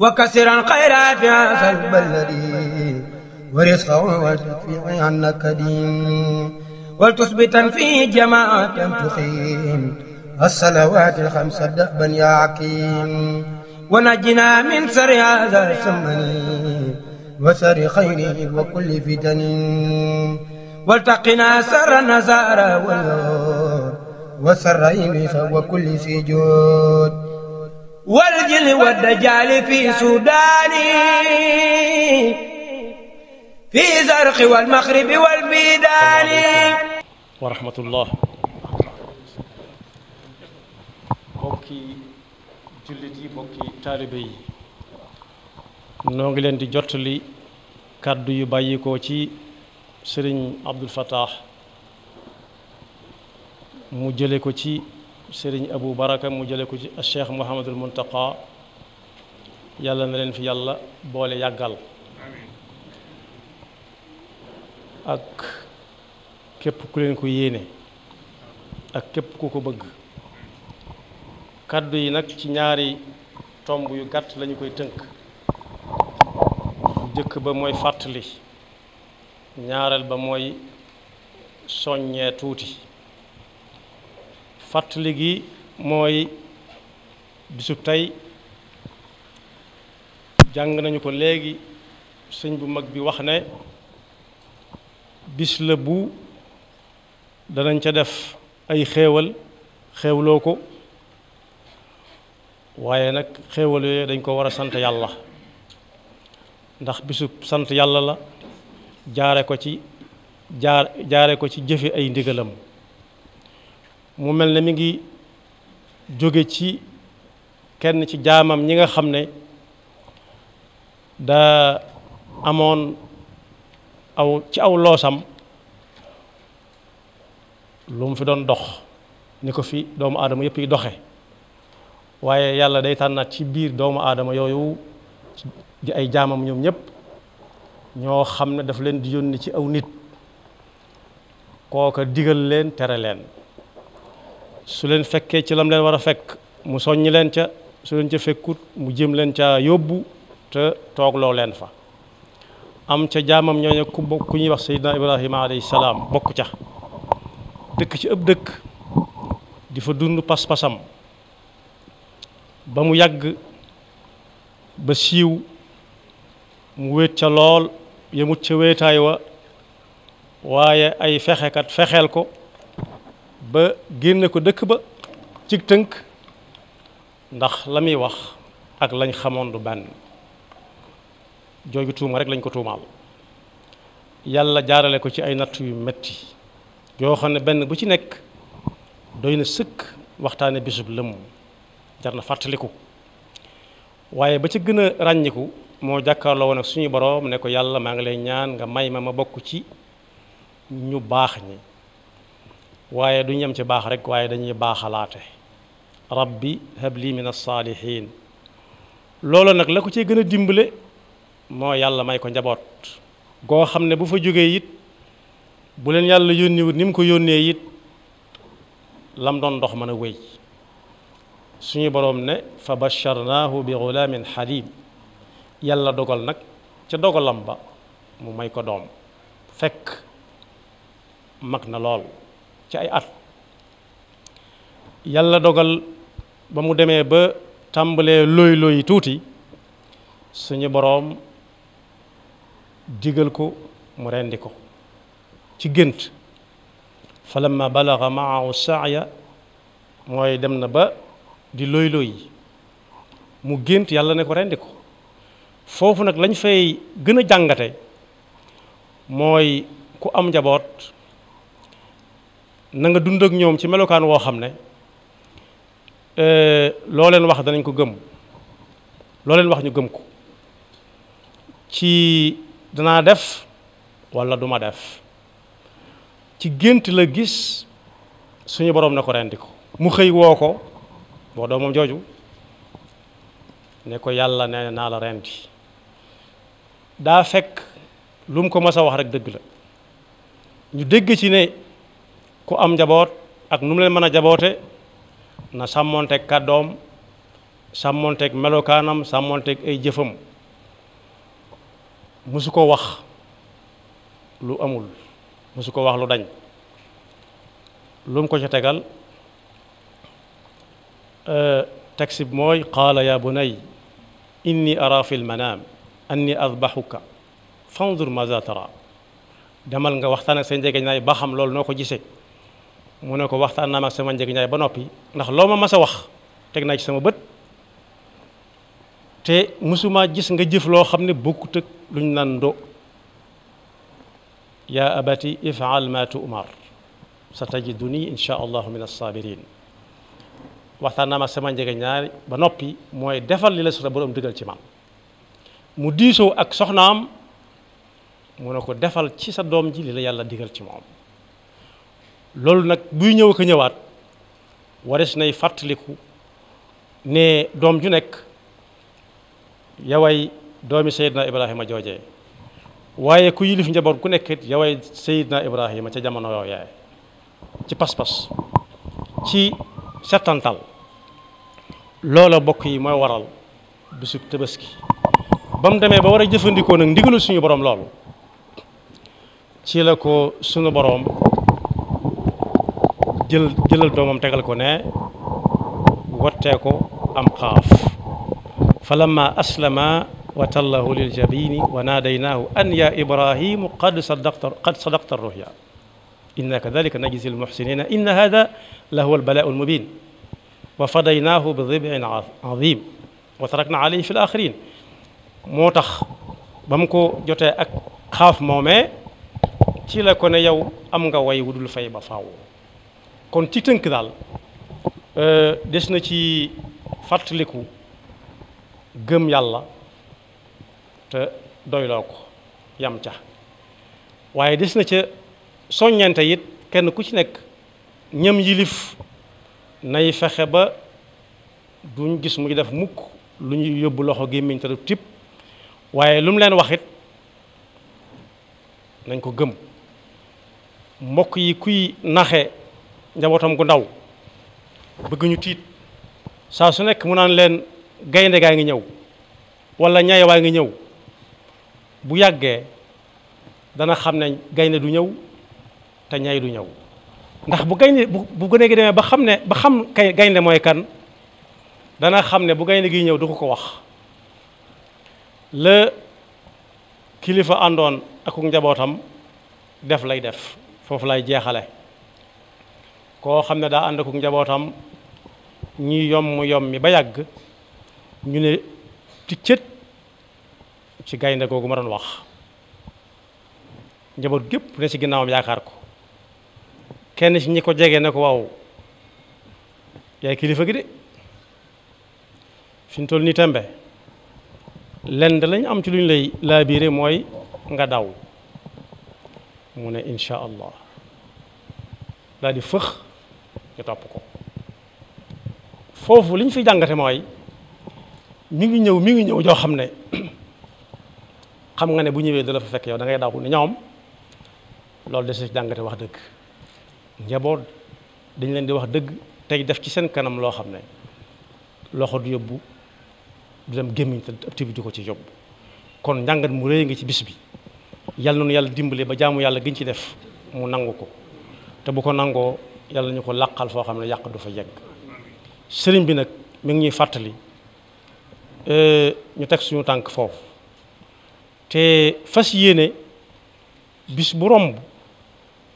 وكسرا خيرات عسل بلدي ورزقا والتدفيع عنك دين ولتثبتا في جماعة تقيم الصلوات الخمس دأبا يا عكيم ونجنا من سر هذا السمن وسر خيره وكل فتن والتقنا سر النزارى واليوم وسر إبليس وكل سجود والجل والدجال في سوداني في زرق والمغرب والبيدان ورحمة الله bokki jullit yi bokki taalibe yi noo ngi leen di jottali kàddu yu bàyyikoo ci sëriñ Abdul mu jële ko ci sëriñ Abu Baraka mu jële ko ci Cheikh Mouhamadul Muntaqa yàlla na leen fi yàlla boole yàggal ak képp ku leen ko yéene ak képp ku ko bëgg kàddu yi nag ci ñaari tomb yu gàtt lañu koy tënk jëkk ba mooy fàttali ñaareel ba mooy soññee tuuti fàttali gi mooy bisub tey jàng nañu ko léegi sëñ bu mag bi wax ne bis la bu danañ ca def ay xéewal xéewloo ko waaye nag xéewal yooyu dañ ko war a sant yàlla ndax bisub sant yàlla la jaare ko ci jaar jaare ko ci jëfe ay ndigalam mu mel ne mi ngi jóge ci kenn ci jaamam ñi nga xam ne daa amoon aw ci aw loosam lu mu fi doon dox ni ko fi doomu aadama yëpp yi doxe waaye yàlla day tànnaat ci biir doomu aadama yooyu di ay jaamam ñoom ñëpp ñoo xam ne daf leen di yónni ci aw nit kooka digal leen tere leen su leen fekkee ci lam leen war a fekk mu soññi leen ca su leen ca fekkut mu jëm leen ca yóbbu te toogloo leen fa am ca jaamam ñoo ku ku ñuy wax Seydina Ibrahima alayhi salaam bokk ca dëkk ci ëpp dëkk di fa dund pas-pasam ba mu yàgg ba siiw mu wéet ca lool yemut ca wéetaay wa waaye ay fexekat fexeel ko ba génne ko dëkk ba cig tënk ndax la muy wax ak lañ xamoon du benn jooju tuuma rek lañ ko tuumaal yàlla jaarale ko ci ay natt yu metti yoo xam ne benn bu ci nekk doy na sëkk waxtaane bisub lëmm jar na fàttaliku waaye ba ci gën a ràññiku moo jàkkaarloo woon ak suñu boroom ne ko yàlla maa ngi lay ñaan nga may ma ma bokk ci ñu baax ñi waaye duñ yem ci baax rek waaye dañuy baaxalaate rabbi habli min alsaalihin loolu nag la ko cee gën a dimbale moo yàlla may ko njaboot goo xam ne bu fa jógee it bu leen yàlla yónniwut ni mu ko yónnee it lam doon ndox mën a wéy suñu boroom ne fa basharnaahu bi gulaamin xaliim yàlla dogal nag ca dogalam ba mu may ko doom fekk mag na lool ci ay at yàlla dogal ba mu demee ba tàmbalee looy looy tuuti suñu boroom digal ko mu rendi ko ci gént falamma balaga maahu saaya mooy dem na ba di looy looy mu gént yàlla ne ko rendi ko foofu nag lañ fay gën a jàngate mooy ku am njaboot nanga nga dund ak ñoom ci melokaan woo xam ne euh, loo leen wax danañ ko gëm looleen wax ñu gëm ko ci danaa def walla ma def ci gént la gis suñu boroom ne ko rendi ko mu xëy woo ko boo doomam jooju ne ko yàlla ne naa la rendi daa fekk lu mu ko mas a wax rekk dëgg la ñu dégg ci ne ku am njaboot ak nu mu leen mën a jaboote na sàmmonteeg kàddoom sàmmoonteeg melokaanam sàmmoonteeg ay jëfam musu ko wax lu amul musu ko wax lu dañ lu mu ko ci tegal euh, taxi bi mooy qaala yaa bunay inni ara fi lmanaam anni adbaxuka fanzur maza tara demal nga waxtaan ak sa njege naay ba xam loolu noo ko gisee mu ne ko waxtaan naa ak sama njëg ñaay ba noppi ndax loo ma mas wax teg naa ci sama bët te mësuma gis nga jëf loo xam ne bokkut ak lu ñu naan do yaa abati ifal ma tu'mar sa tajiduni insha allahu min as-sabirin waxtaan naa ak sama njëg ñaay ba noppi mooy defal li la sa borom digal ci man mu diisoo ak soxnaam mu ne ko defal ci sa doom ji li la yàlla digal ci moom loolu nag buy ñëw ko ñëwaat wares nay fàttaliku ne doom ju nekk yaway doomi Seydina Ibrahima joojee waaye ku yilif njaboot ku nekkit yaway Seydina Ibrahima ca jamono yow yaay ci pas-pas ci settantal loola bokk yi mooy waral bisub tabaski ba mu demee ba war a jëfandikoo nag ndigalu suñu boroom loolu ci la ko suñu borom jël jëlal doomam tegal ko ne wattee ko am xaaf falamma aslama wa tallahu lil jabini wa naadaynaahu an ya ibrahimu qad sadaqta qad sadaqta ruya inna kadalika najzi almuxsinina inna hada la huwa albalaau almubin wa fadaynaahu bi dibin azim wa tarakna alayhi fi alaxirin moo tax ba mu ko jotee ak xaaf moomee ci la ko ne yow am nga way wudul fay ba faaw kon ci tënk daal euh, des na ci fàttaliku gëm yàlla te doyloo ko yam ca waaye des na ca soññante it kenn ku ci nekk ñam yilif nay fexe ba duñ gis muy def mukk lu ñuy yóbbu loxo gémmiñ te du tip waaye lu mu leen waxit it nañ ko gëm mbokk yi kuy naxe njabootam gu ndaw bëgguñu tiit saa su nekk mu naan leen gaynde gaa ngi ñëw wala ñaay waa ngi ñëw bu yàggee dana xam ne gaynde du ñëw te ñay du ñëw ndax bu gaynde bu bu gënee gi demee ba xam ne ba xam kay gaynde mooy kan dana xam ne bu gaynde gi ñëw du ko ko wax la kilifa àndoon ak njabootam def lay def foofu lay jeexale koo xam ne daa ànd ko njabootam ñi yomm mi ba yàgg ñu ne ci cët ci gaynde googu ma doon wax njaboot gépp ne ci ginnaawam yaakaar ko kenn ci ñi ko jege ne ko waaw yaay kilifa gi de fi toll nii tembe lenn lañ am ci lu ñu lay laabiire mooy nga daw mu ne incha allah daal di fëx ñu topp ko foofu li ñu fi jàngate mooy mi ngi ñëw mi ngi ñëw joo xam ne xam nga ne bu ñëwee da la fa fekk yow da ngay daw ni loolu des ci jàngate wax dëgg njaboot dañ leen di wax dëgg tey def ci seen kanam loo xam ne loxo du yóbbu du dem gémmiñ te ab ko ci yóbbu kon njàngat mu rëy nga ci bis bi yàlla noonu yàlla dimbale ba jaamu yàlla giñ ci def mu nangu ko te bu ko nangoo yàlla ñu ko làqal foo xam ne yàq du fa yegg sëriñ bi nag mi ngi ñuy fàttali e, ñu teg suñu tànk foofu te fas yéene bis bu romb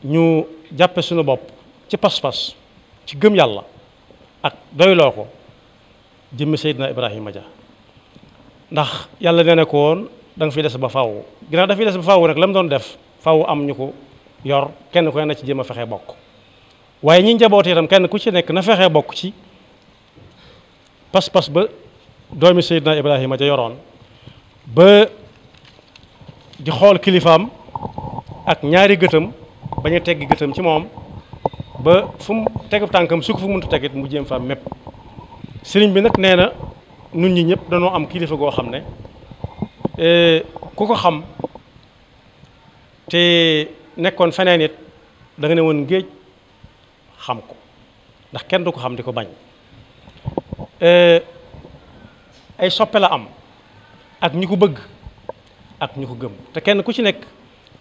ñu jàppe suñu bopp ci pas-pas ci gëm yàlla ak doyloo ko jëmmi Seydina Ibrahima Dia ndax yàlla nee na ko fiy des ba faw ginnaaw dafay des ba faw rek la doon def faaw am ñu ko yor kenn koy na ci jëm a fexe bokk waaye ñi njaboot itam kenn ku ci nekk na fexee bokk ci pas-pas ba doomi Seydina Ibrahima ja yoroon ba di xool kilifaam ak ñaari gëtam bañ a tegg gëtam ci moom ba fu mu tegu tànkam su ko fu mënut tegit mu jéem fa mépp sëriñ bi nag nee na nun ñi ñëpp dañoo am kilifa goo xam ne e, ku ko xam te nekkoon feneen it da ne woon géej xam ko ndax kenn du ko xam di ko bañ euh, ay soppe la am ak ñi ko bëgg ak ñu ko gëm te kenn ku ci nekk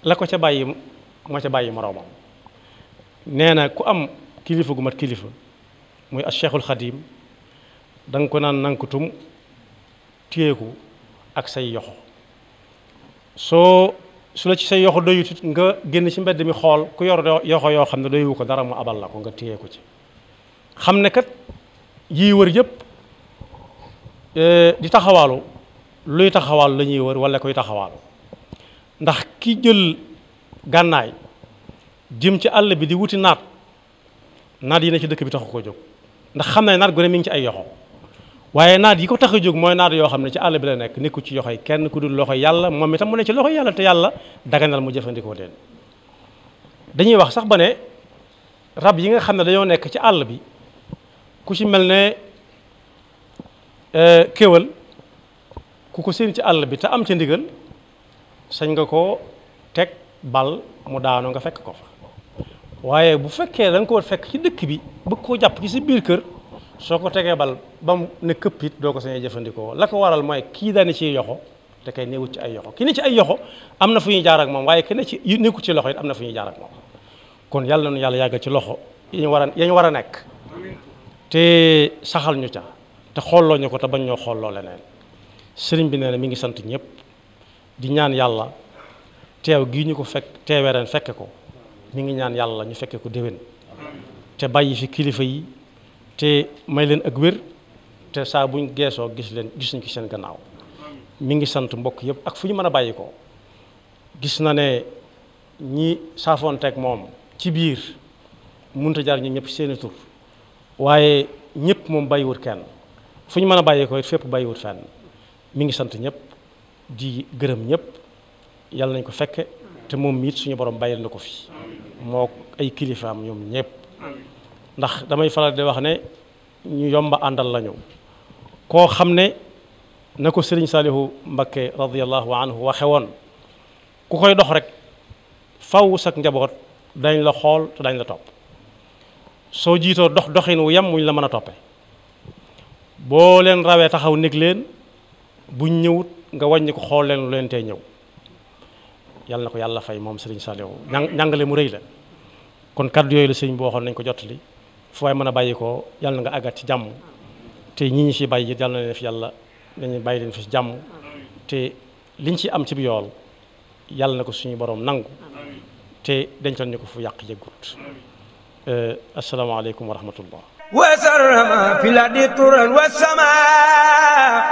la ko ca bàyyi moo ca bàyyi moroomam nee na ku am kilifa gu mat kilifa muy as cheikhul xadim da nga ko naan nankutum téyeeku ak say yoxo soo su la ci sa yoxo doyut it nga génn ci mbedd mi xool ku yor yoxo yoo xam ne doywu ko dara mu abal la ko nga téye ko ci xam ne kat yii wër yëpp e, di taxawaalu luy taxawaalu lañuy ñuy wër wala koy taxawaalu ndax ki jël gànnaay jëm ci àll bi di wuti naat naat yi ne ci dëkk bi taxu koo jóg ndax xam ne naat gu ne ci ay yoxo waaye naat yi ko tax a jóg mooy naat yoo xam ne ci àll bi la nekk nekku ci loxoy kenn ku dul loxoy yàlla moom itam mu ne ci loxoy yàlla te yàlla mu wax sax ba rab yi nga xam ne dañoo nekk ci àll bi ku ci mel ne euh, kéwal ku ko seen ci àll bi te am ca ndigal sañ nga koo teg bal mu daanu nga fekk ko fa waaye bu fekkee da nga koo fekk ci dëkk bi bëgg koo jàpp ci si biir kër soo ko tegee bal ba mu ne këpp it doo ko sañee jëfandikoo la ko waral mooy kii daani ciy yoxo te kay newut ci ay yoxo ki ne ci ay yoxo am na fu ñuy jaar ak moom waaye ki ne ci nekku ci loxo it am na fu ñuy jaar ak moom kon yàlla nañu yàlla yàggal ci loxo yañu war a yañu war a nekk te saxal ñu ca te xooloo ñu ko te bañ ñoo xooloo leneen sëriñ bi nee na mi ngi sant ñëpp di ñaan yàlla teew gii ñu ko fekk teewee ren fekke ko mi ngi ñaan yàlla ñu fekke ko déwén te bàyyi kilifa yi te may leen ak wér te saa buñ geesoo gis leen gis nañ ci seen gannaaw mi ngi sant mbokk yëpp ak fu ñu mën a bàyyi ko gis na ne ñi saafoonteeg moom ci biir mënut a jaar ñu ñëpp seeni tur waaye ñëpp moom bàyyiwut kenn fu ñu mën a bàyyi ko fépp bàyyiwut fenn mi ngi sant ñëpp di gërëm ñëpp nañ ko fekke te moom it suñu borom bàyyil na ko fi moo ay kilifaam ñoom ñëpp ndax damay faral di wax ne ñu yomba àndal lañu koo xam ne na ko sëriñ Saalihu Mbakke radiyallahu anhu waxe woon ku koy dox rek faw sak njaboot dañ la xool te dañ la topp soo jiitoo dox doxin wu yem wuñ la mën a toppe boo leen rawee taxaw nekk leen buñ ñëwut nga wàññi ko xool leen lu leen tey ñëw yal na ko yàlla fay moom sëriñ Saalihu ñàngale mu réy la kon kàddu yooyu la sëriñ boo waxoon nañ ko jottali fu waay mën a bàyyi ko yàlla na nga àggat ci jàmm te ñi ñi ci bàyyi it yàlla na leen fi yàlla dañuy bàyyi leen fi ci jàmm te liñ ci am ci bi yool yàlla na ko suñu borom nangu te dencal ñu ko fu yàq yëggut euh, asalaamaaleykum wa rahmatullah wasarama fi la di turan wasama